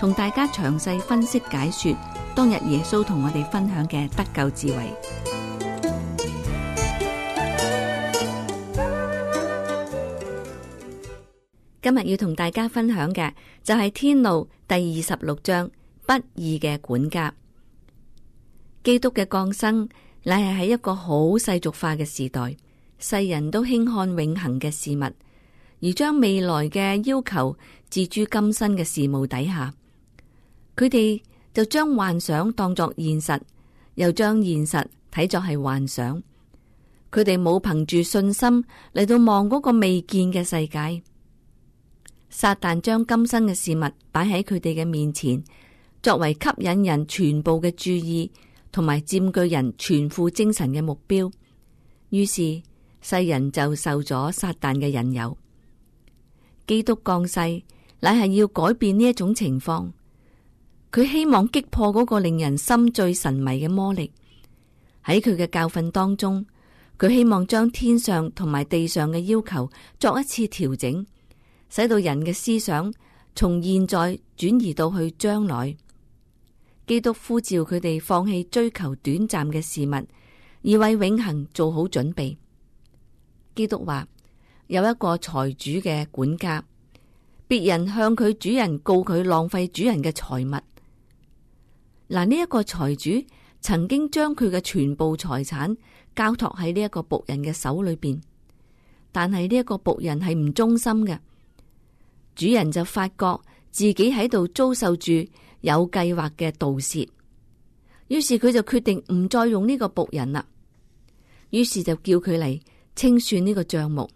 同大家詳細分析解說當日耶穌同我哋分享嘅得救智慧。今日要同大家分享嘅就係、是《天路》第二十六章，不義嘅管家。基督嘅降生，乃係喺一個好世俗化嘅時代，世人都輕看永恒嘅事物，而將未來嘅要求置諸今生嘅事務底下。佢哋就將幻想當作現實，又將現實睇作係幻想。佢哋冇憑住信心嚟到望嗰個未見嘅世界。撒旦將今生嘅事物擺喺佢哋嘅面前，作為吸引人全部嘅注意，同埋佔據人全副精神嘅目標。於是世人就受咗撒旦嘅引誘。基督降世乃係要改變呢一種情況。佢希望擊破嗰個令人心醉神迷嘅魔力。喺佢嘅教訓當中，佢希望將天上同埋地上嘅要求作一次調整，使到人嘅思想從現在轉移到去將來。基督呼召佢哋放棄追求短暫嘅事物，以為永恒做好準備。基督話：有一個財主嘅管家，別人向佢主人告佢浪費主人嘅財物。嗱，呢一個財主曾經將佢嘅全部財產交託喺呢一個僕人嘅手裡邊，但係呢一個僕人係唔忠心嘅。主人就發覺自己喺度遭受住有計劃嘅盜竊，於是佢就決定唔再用呢個僕人啦。於是就叫佢嚟清算呢個賬目。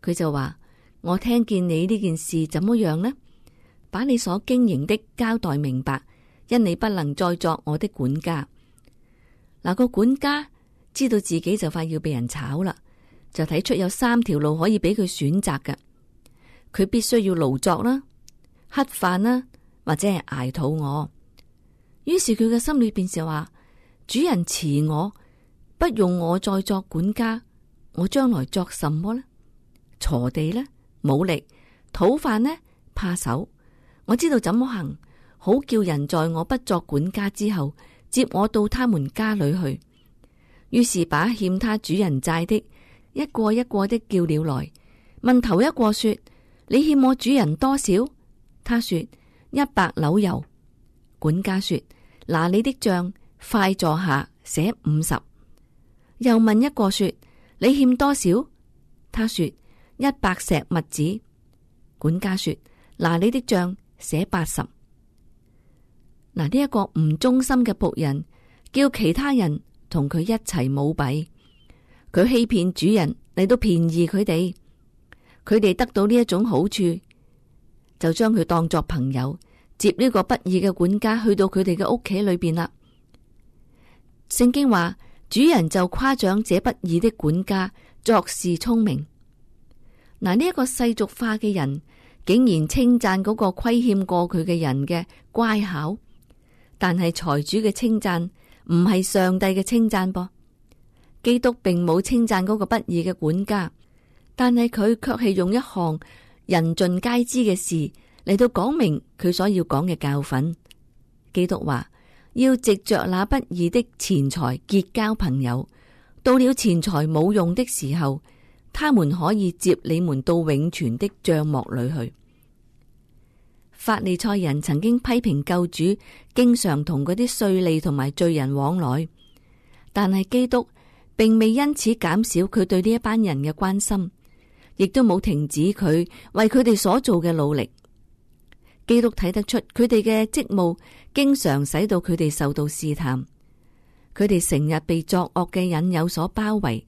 佢就話：我聽見你呢件事怎麼樣呢？把你所經營的交代明白。因你不能再作我的管家，嗱、個管家知道自己就快要被人炒啦，就睇出有三條路可以俾佢選擇嘅，佢必須要勞作啦、啊、乞飯啦，或者係挨肚餓。於是佢嘅心裏邊是話：主人辭我，不用我再作管家，我將來作什麼呢？鋤地咧，冇力；討飯呢，怕手。我知道怎麼行。好叫人在我不作管家之後，接我到他們家裏去。於是把欠他主人債的，一個一個的叫了來，問頭一個說：你欠我主人多少？他說：一百簍油。管家說：拿你的賬，快坐下寫五十。又問一個說：你欠多少？他說：一百石麥子。管家說：拿你的賬寫八十。嗱，呢一個唔忠心嘅僕人叫其他人同佢一齊舞弊，佢欺騙主人嚟到便宜佢哋，佢哋得到呢一種好處，就將佢當作朋友，接呢個不義嘅管家去到佢哋嘅屋企裏邊啦。聖經話，主人就誇獎這不義的管家作事聰明。嗱，呢一個世俗化嘅人竟然稱讚嗰個虧欠過佢嘅人嘅乖巧。但係財主嘅稱讚唔係上帝嘅稱讚噃。基督並冇稱讚嗰個不義嘅管家，但係佢卻係用一項人盡皆知嘅事嚟到講明佢所要講嘅教訓。基督話：要藉着那不義的錢財結交朋友，到了錢財冇用的時候，他們可以接你們到永存的帳幕裏去。法利賽人曾經批評救主經常同嗰啲稅吏同埋罪人往來，但係基督並未因此減少佢對呢一班人嘅關心，亦都冇停止佢為佢哋所做嘅努力。基督睇得出佢哋嘅職務經常使到佢哋受到試探，佢哋成日被作惡嘅人有所包圍，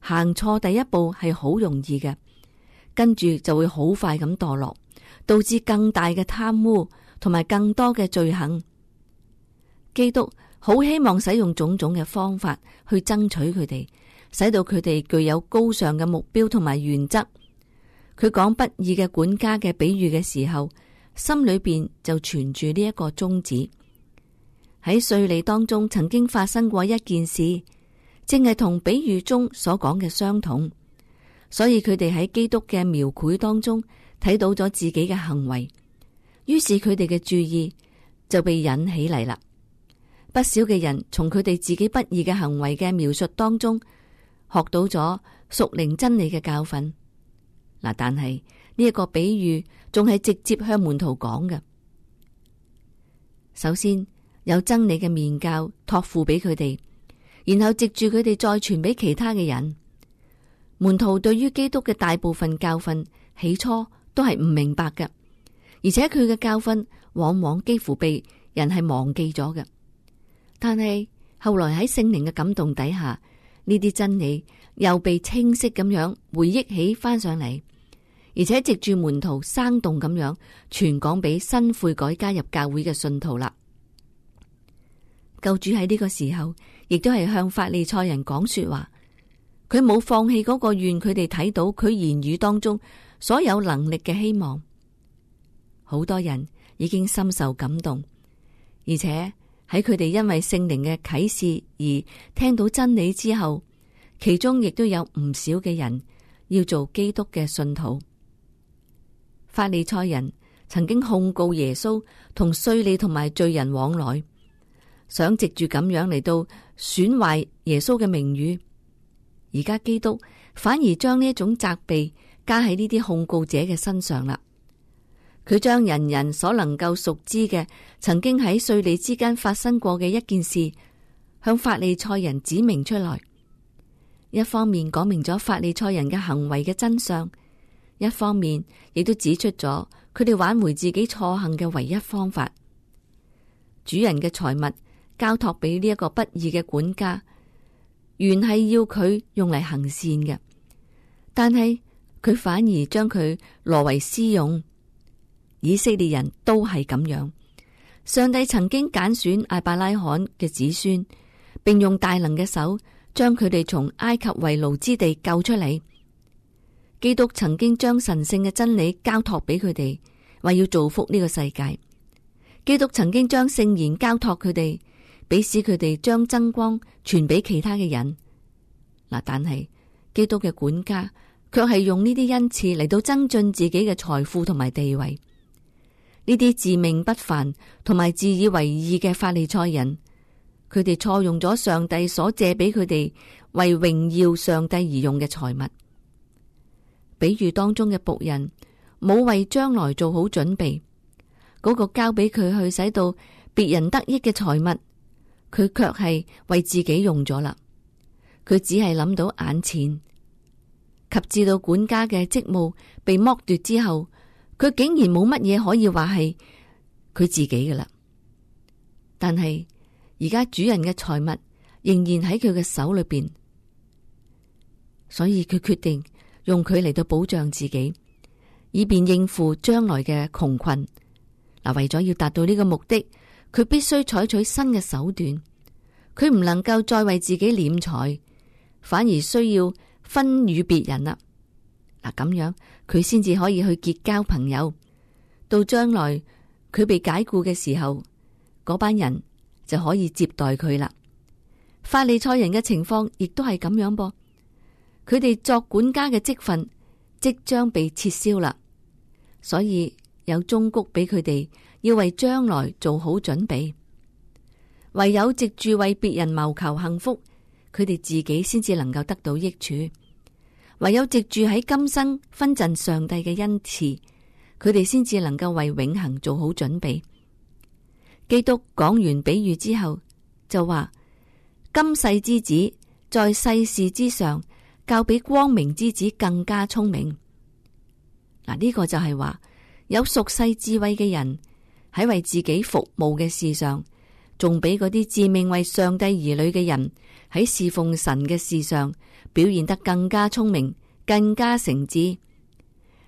行錯第一步係好容易嘅，跟住就會好快咁墮落。導致更大嘅貪污同埋更多嘅罪行。基督好希望使用種種嘅方法去爭取佢哋，使到佢哋具有高尚嘅目標同埋原則。佢講不義嘅管家嘅比喻嘅時候，心裏邊就存住呢一個宗旨。喺敘利亞當中曾經發生過一件事，正係同比喻中所講嘅相同，所以佢哋喺基督嘅描繪當中。睇到咗自己嘅行為，於是佢哋嘅注意就被引起嚟啦。不少嘅人從佢哋自己不義嘅行為嘅描述當中學到咗屬靈真理嘅教訓。嗱，但係呢一個比喻仲係直接向門徒講嘅。首先有真理嘅面教託付俾佢哋，然後藉住佢哋再傳俾其他嘅人。門徒對於基督嘅大部分教訓起初都係唔明白嘅，而且佢嘅教訓往往幾乎被人係忘記咗嘅。但係後來喺聖靈嘅感動底下，呢啲真理又被清晰咁樣回憶起翻上嚟，而且藉住門徒生動咁樣傳講俾新悔改加入教會嘅信徒啦。救主喺呢個時候亦都係向法利賽人講說話，佢冇放棄嗰個願，佢哋睇到佢言語當中，所有能力嘅希望，好多人已經深受感動，而且喺佢哋因為聖靈嘅啟示而聽到真理之後，其中亦都有唔少嘅人要做基督嘅信徒。法利賽人曾經控告耶穌同稅吏同埋罪人往來，想藉住咁樣嚟到損壞耶穌嘅名譽，而家基督反而將呢一種責備。加喺呢啲控告者嘅身上啦。佢將人人所能夠熟知嘅，曾經喺稅吏之間發生過嘅一件事，向法利賽人指明出來。一方面講明咗法利賽人嘅行為嘅真相，一方面亦都指出咗佢哋挽回自己錯行嘅唯一方法。主人嘅財物交託俾呢一個不義嘅管家，原係要佢用嚟行善嘅，但係。佢反而將佢挪為私用。以色列人都係咁樣。上帝曾經揀選亞伯拉罕嘅子孫，並用大能嘅手將佢哋從埃及為奴之地救出嚟。基督曾經將神聖嘅真理交託俾佢哋，話要造福呢個世界。基督曾經將聖言交託佢哋，俾使佢哋將爭光傳俾其他嘅人。嗱，但係基督嘅管家。卻係用呢啲恩賜嚟到增進自己嘅財富同埋地位，呢啲自命不凡同埋自以為義嘅法利賽人，佢哋錯用咗上帝所借俾佢哋為榮耀上帝而用嘅財物。比喻當中嘅僕人，冇為將來做好準備，嗰、那個交俾佢去使到別人得益嘅財物，佢卻係為自己用咗啦。佢只係諗到眼前。及至到管家嘅職務被剝奪之後，佢竟然冇乜嘢可以話係佢自己嘅啦。但係而家主人嘅財物仍然喺佢嘅手裏邊，所以佢決定用佢嚟到保障自己，以便應付將來嘅窮困。嗱，為咗要達到呢個目的，佢必須採取新嘅手段。佢唔能夠再為自己斂財，反而需要。分與別人啦，嗱咁樣佢先至可以去結交朋友，到將來佢被解僱嘅時候，嗰班人就可以接待佢啦。法利賽人嘅情況亦都係咁樣噃。佢哋作管家嘅職分即將被撤銷啦，所以有忠告俾佢哋要為將來做好準備，唯有藉住為別人謀求幸福，佢哋自己先至能夠得到益處。唯有藉住喺今生分贈上帝嘅恩賜，佢哋先至能夠為永恒做好準備。基督講完比喻之後，就話：今世之子在世事之上，較比光明之子更加聰明。嗱，呢個就係話有屬世智慧嘅人喺為自己服務嘅事上，仲比嗰啲自命為上帝兒女嘅人。喺侍奉神嘅事上，表現得更加聰明、更加誠摯。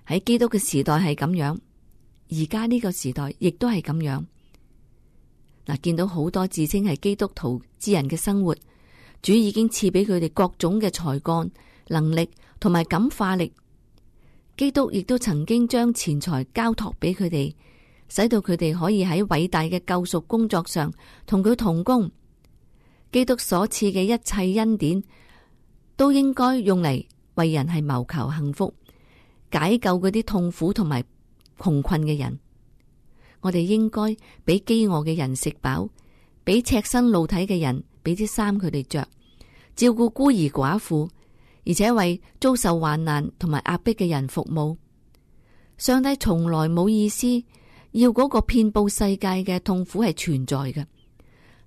喺基督嘅時代係咁樣，而家呢個時代亦都係咁樣。嗱，見到好多自稱係基督徒之人嘅生活，主已經賜俾佢哋各種嘅才幹、能力同埋感化力。基督亦都曾經將錢財交託俾佢哋，使到佢哋可以喺偉大嘅救贖工作上同佢同工。基督所賜嘅一切恩典都應該用嚟為人係謀求幸福、解救嗰啲痛苦同埋窮困嘅人。我哋應該俾饑餓嘅人食飽，俾赤身露體嘅人俾啲衫佢哋着，照顧孤兒寡婦，而且為遭受患難同埋壓迫嘅人服務。上帝從來冇意思要嗰個遍布世界嘅痛苦係存在嘅。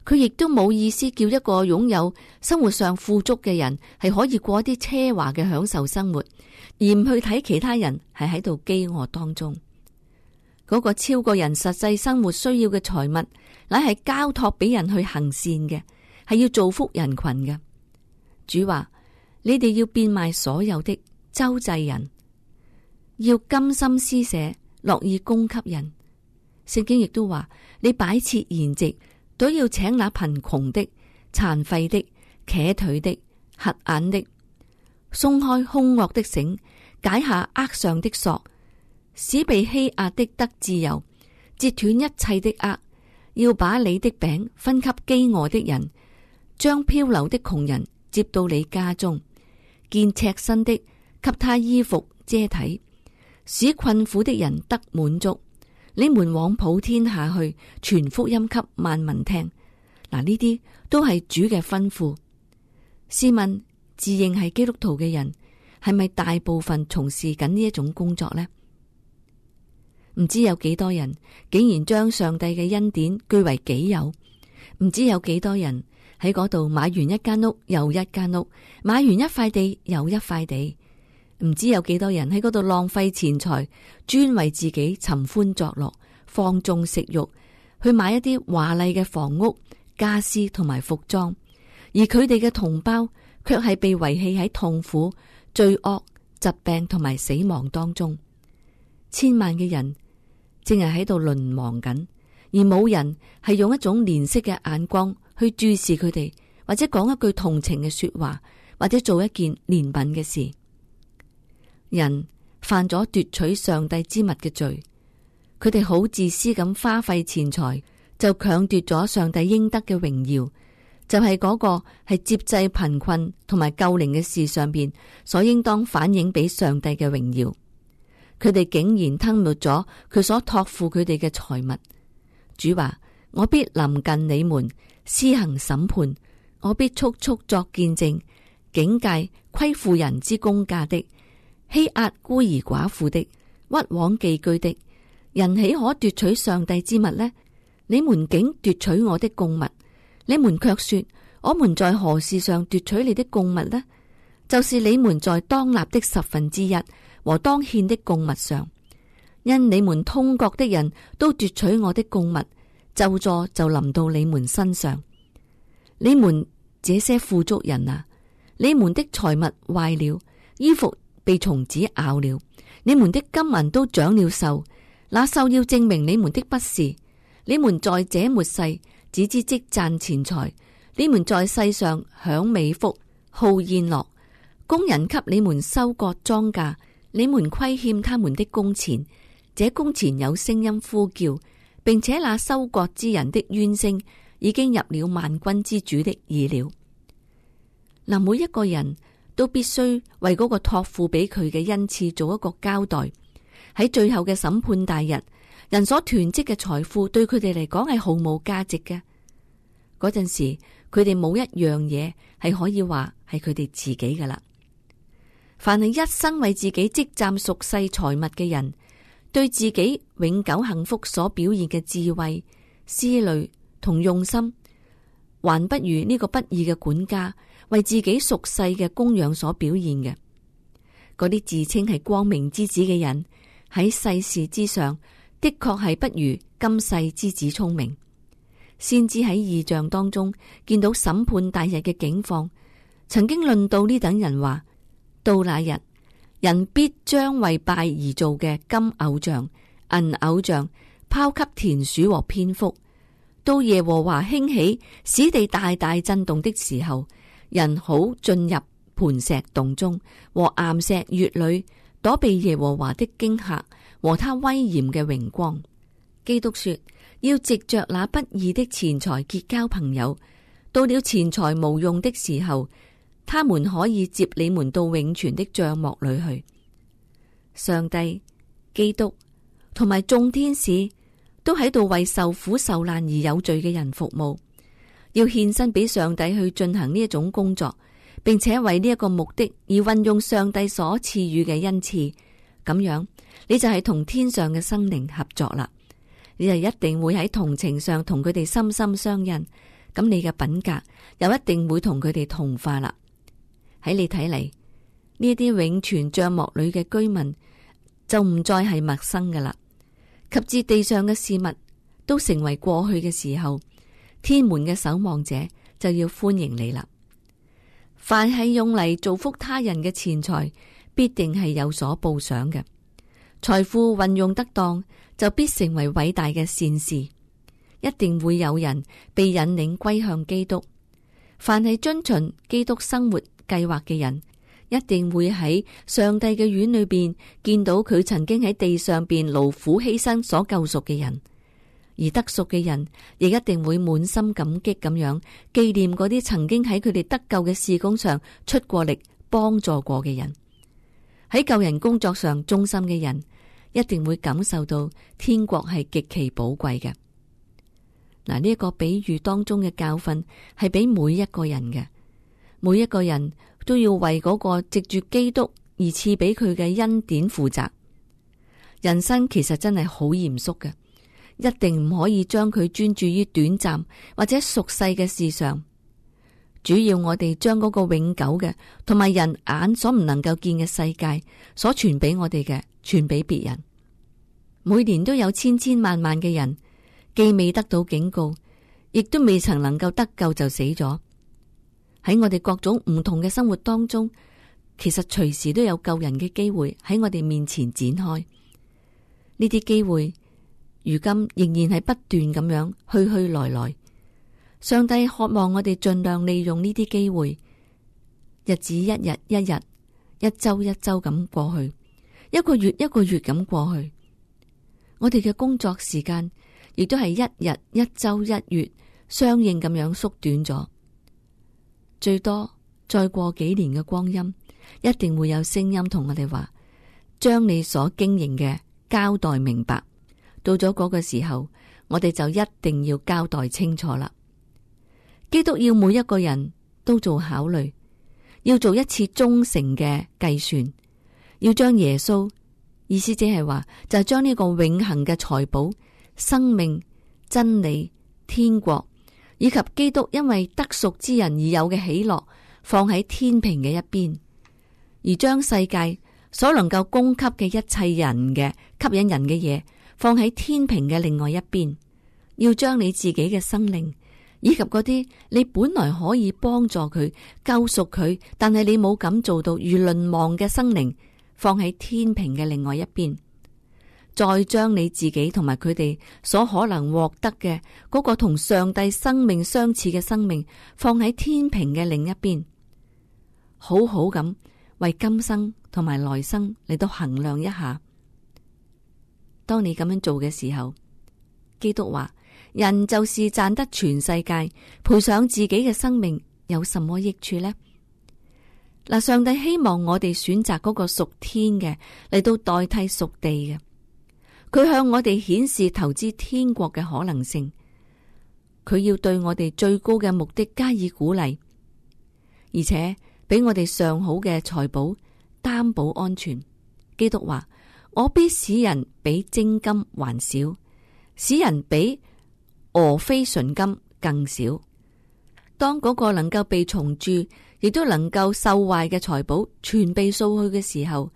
佢亦都冇意思叫一個擁有生活上富足嘅人係可以過啲奢華嘅享受生活，而唔去睇其他人係喺度饑餓當中。嗰、那個超過人實際生活需要嘅財物，乃係交託俾人去行善嘅，係要造福人群嘅。主話：你哋要變賣所有的周濟人，要甘心施捨，樂意供給人。聖經亦都話：你擺設筵席。都要請那貧窮的、殘廢的、瘸腿的、瞎眼的，鬆開兇惡的繩，解下軛上的索，使被欺壓的得自由，折斷一切的軛。要把你的餅分給飢餓的人，將漂流的窮人接到你家中，見赤身的給他衣服遮體，使困苦的人得滿足。你們往普天下去，傳福音給萬民聽。嗱，呢啲都係主嘅吩咐。試問，自認係基督徒嘅人，係咪大部分從事緊呢一種工作呢？唔知有幾多人竟然將上帝嘅恩典據為己有？唔知有幾多人喺嗰度買完一間屋又一間屋，買完一塊地又一塊地。唔知有幾多人喺嗰度浪費錢財，專為自己尋歡作樂、放縱食慾，去買一啲華麗嘅房屋、家私同埋服裝，而佢哋嘅同胞卻係被遺棄喺痛苦、罪惡、疾病同埋死亡當中。千萬嘅人正係喺度淪亡緊，而冇人係用一種憐惜嘅眼光去注視佢哋，或者講一句同情嘅說話，或者做一件憐憫嘅事。人犯咗奪取上帝之物嘅罪，佢哋好自私咁花費錢財，就強奪咗上帝應得嘅榮耀，就係、是、嗰個係接濟貧困同埋救靈嘅事上邊所應當反映俾上帝嘅榮耀。佢哋竟然吞沒咗佢所託付佢哋嘅財物。主話：我必臨近你們施行審判，我必速速作見證，警戒虧負人之工價的。欺壓孤兒寡婦的、屈枉寄居的人，豈可奪取上帝之物呢？你們竟奪取我的供物，你們卻說：我們在何事上奪取你的供物呢？就是你們在當納的十分之一和當獻的供物上，因你們通國的人都奪取我的供物，咒助就臨到你們身上。你們這些富足人啊，你們的財物壞了，衣服。被蟲子咬了，你們的金銀都長了鏽，那鏽要證明你們的不是。你們在這末世只知積攢錢財，你們在世上享美福，好宴樂。工人給你們收割莊稼，你們虧欠他們的工錢。這工錢有聲音呼叫，並且那收割之人的冤聲已經入了萬軍之主的耳了。嗱，每一個人。都必須為嗰個託付俾佢嘅恩賜做一個交代。喺最後嘅審判大日，人所囤積嘅財富對佢哋嚟講係毫無價值嘅。嗰陣時，佢哋冇一樣嘢係可以話係佢哋自己噶啦。凡係一生為自己積攢屬世財物嘅人，對自己永久幸福所表現嘅智慧、思慮同用心，還不如呢個不義嘅管家。為自己屬世嘅供養所表現嘅嗰啲自稱係光明之子嘅人，喺世事之上的確係不如今世之子聰明，先知喺異象當中見到審判大日嘅景況。曾經論到呢等人話：到那日，人必將為拜而做嘅金偶像、銀偶像拋給田鼠和蝙蝠。到耶和華興起，使地大大震動的時候。人好進入磐石洞中和岩石穴裏躲避耶和華的驚嚇和他威嚴嘅榮光。基督說：要藉着那不義的錢財結交朋友，到了錢財無用的時候，他們可以接你們到永存的帳幕裏去。上帝、基督同埋眾天使都喺度為受苦受難而有罪嘅人服務。要獻身俾上帝去進行呢一種工作，並且為呢一個目的而運用上帝所賜予嘅恩賜，咁樣你就係同天上嘅生靈合作啦，你就一定會喺同情上同佢哋心心相印，咁你嘅品格又一定會同佢哋同化啦。喺你睇嚟，呢一啲永存帳幕裏嘅居民就唔再係陌生噶啦，及至地上嘅事物都成為過去嘅時候。天門嘅守望者就要歡迎你啦！凡係用嚟祝福他人嘅錢財，必定係有所報賞嘅。財富運用得當，就必成為偉大嘅善事，一定會有人被引領歸向基督。凡係遵循基督生活計劃嘅人，一定會喺上帝嘅院裏邊見到佢曾經喺地上邊勞苦犧牲所救贖嘅人。而得贖嘅人，亦一定會滿心感激咁樣紀念嗰啲曾經喺佢哋得救嘅事工上出過力、幫助過嘅人。喺救人工作上忠心嘅人，一定會感受到天國係極其寶貴嘅。嗱，呢一個比喻當中嘅教訓係俾每一個人嘅，每一個人都要為嗰個藉住基督而賜俾佢嘅恩典負責。人生其實真係好嚴肅嘅。一定唔可以將佢專注於短暫或者俗世嘅事上。主要我哋將嗰個永久嘅，同埋人眼所唔能夠見嘅世界，所傳俾我哋嘅，傳俾別人。每年都有千千萬萬嘅人，既未得到警告，亦都未曾能夠得救就死咗。喺我哋各種唔同嘅生活當中，其實隨時都有救人嘅機會喺我哋面前展開。呢啲機會，如今仍然係不斷咁樣去去來來，上帝渴望我哋盡量利用呢啲機會。日子一日一日、一周一周咁過去，一個月一個月咁過去，我哋嘅工作時間亦都係一日、一周、一月相應咁樣縮短咗。最多再過幾年嘅光陰，一定會有聲音同我哋話，將你所經營嘅交代明白。到咗嗰個時候，我哋就一定要交代清楚啦。基督要每一個人都做考慮，要做一次忠誠嘅計算，要將耶穌，意思即係話就係將呢個永恆嘅財寶、生命、真理、天國以及基督因為得贖之人而有嘅喜樂放喺天平嘅一邊，而將世界所能夠供給嘅一切人嘅吸引人嘅嘢。放喺天平嘅另外一邊，要將你自己嘅生命以及嗰啲你本來可以幫助佢救贖佢，但係你冇敢做到而淪亡嘅生靈放喺天平嘅另外一邊，再將你自己同埋佢哋所可能獲得嘅嗰個同上帝生命相似嘅生命放喺天平嘅另一邊，好好咁為今生同埋來生你都衡量一下。當你咁樣做嘅時候，基督話：人就是賺得全世界，賠上自己嘅生命，有什麼益處呢？嗱，上帝希望我哋選擇嗰個屬天嘅嚟，到代替屬地嘅。佢向我哋顯示投資天國嘅可能性。佢要對我哋最高嘅目的加以鼓勵，而且俾我哋上好嘅財寶擔保安全。基督話。我必使人比精金還少，使人比俄非純金更少。當嗰個能夠被重鑄，亦都能夠受壞嘅財寶全被掃去嘅時候，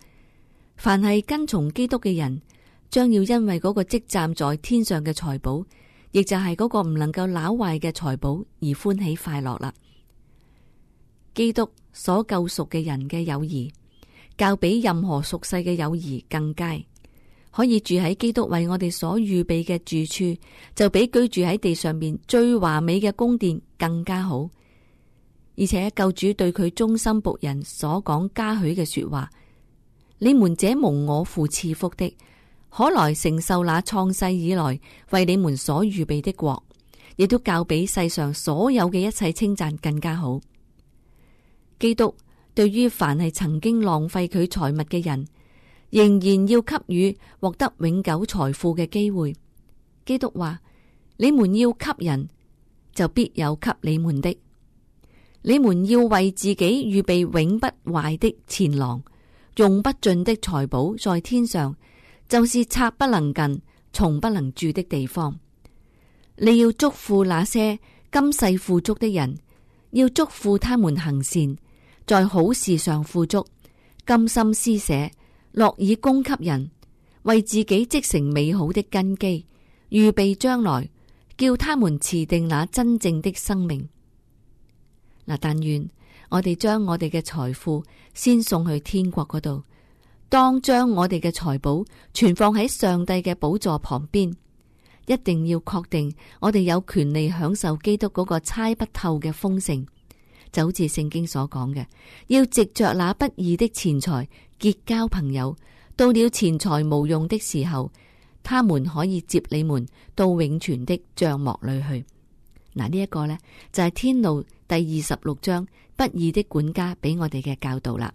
凡係跟從基督嘅人，將要因為嗰個積站在天上嘅財寶，亦就係嗰個唔能夠朽壞嘅財寶而歡喜快樂啦。基督所救贖嘅人嘅友誼。較比任何俗世嘅友誼更佳，可以住喺基督為我哋所預備嘅住處，就比居住喺地上面最華美嘅宮殿更加好。而且救主對佢忠心僕人所講嘉許嘅說話，你們這蒙我父賜福的，可來承受那創世以來為你們所預備的國，亦都較比世上所有嘅一切稱讚更加好。基督。對於凡係曾經浪費佢財物嘅人，仍然要給予獲得永久財富嘅機會。基督話：你們要給人，就必有給你們的。你們要為自己預備永不壞的錢囊，用不盡的財寶在天上，就是賊不能近、蟲不能蛀的地方。你要祝福那些今世富足的人，要祝福他們行善。在好事上富足，甘心施捨，樂意供給人，為自己積成美好的根基，預備將來，叫他們持定那真正的生命。嗱，但願我哋將我哋嘅財富先送去天國嗰度，當將我哋嘅財寶存放喺上帝嘅寶座旁邊，一定要確定我哋有權利享受基督嗰個猜不透嘅豐盛。就好似聖經所講嘅，要藉着那不義的錢財結交朋友，到了錢財無用的時候，他們可以接你們到永存的帳幕裏去。嗱、這個，呢一個呢，就係天路第二十六章不義的管家俾我哋嘅教導啦。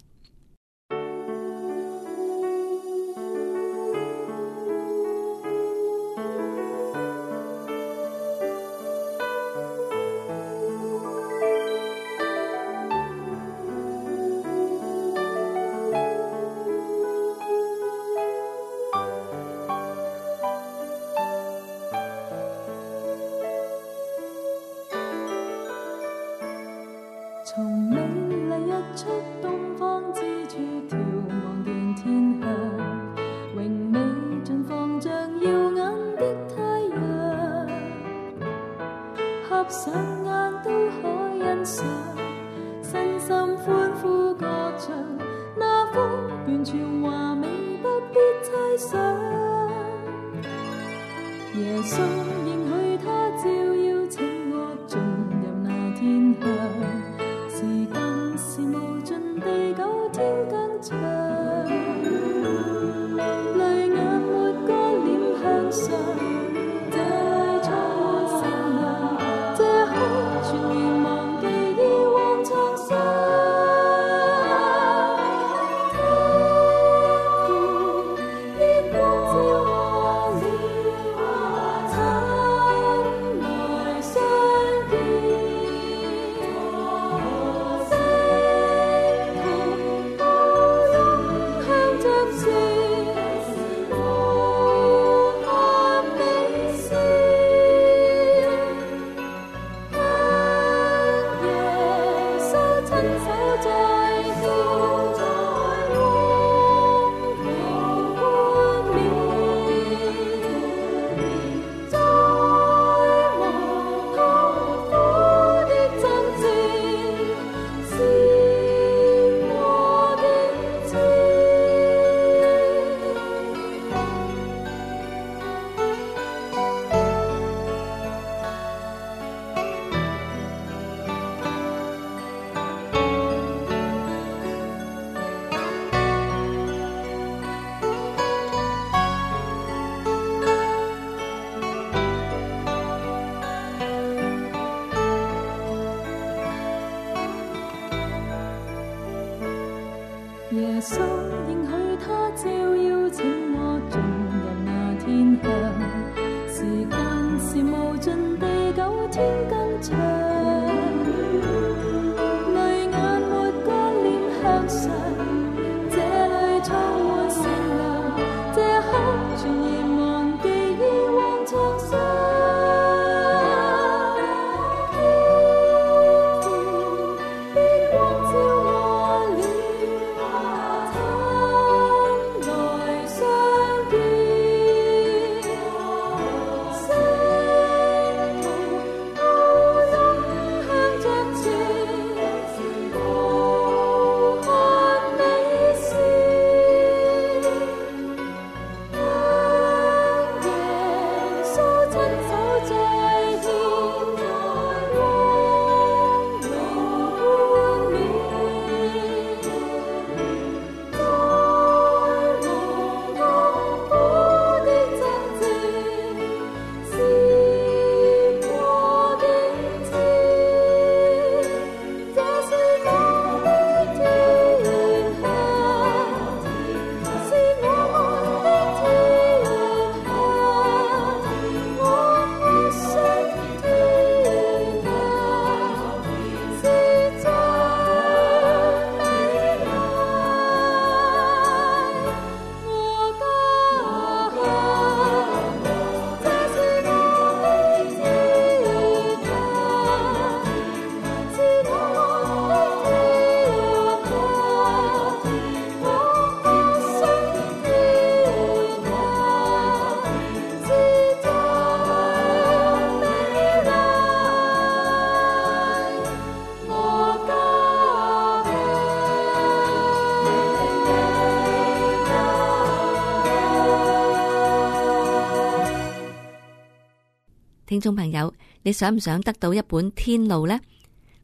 聽眾朋友，你想唔想得到一本《天路》呢？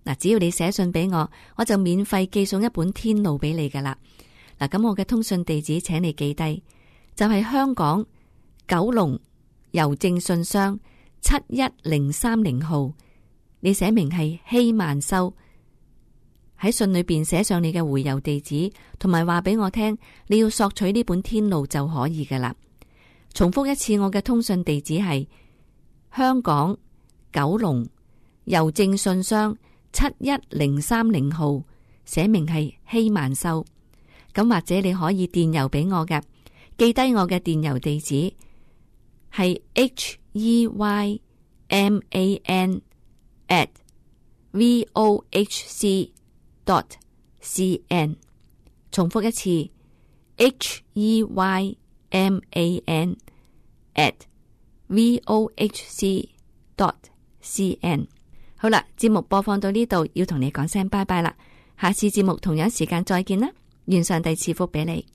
嗱，只要你寫信俾我，我就免費寄送一本《天路》俾你噶啦。嗱，咁我嘅通訊地址，請你記低，就係香港九龍郵政信箱七一零三零號。你寫明係希曼修，喺信裏邊寫上你嘅回郵地址，同埋話俾我聽你要索取呢本《天路》就可以噶啦。重複一次，我嘅通訊地址係。香港九龍郵政信箱七一零三零號，寫明係希曼秀，咁或者你可以電郵俾我㗎，記低我嘅電郵地址係 h e y m a n at v o h c dot c n。重複一次 h e y m a n at。V O H C dot C N。好啦，節目播放到呢度，要同你講聲拜拜啦，下次節目同樣時間再見啦，願上帝賜福畀你。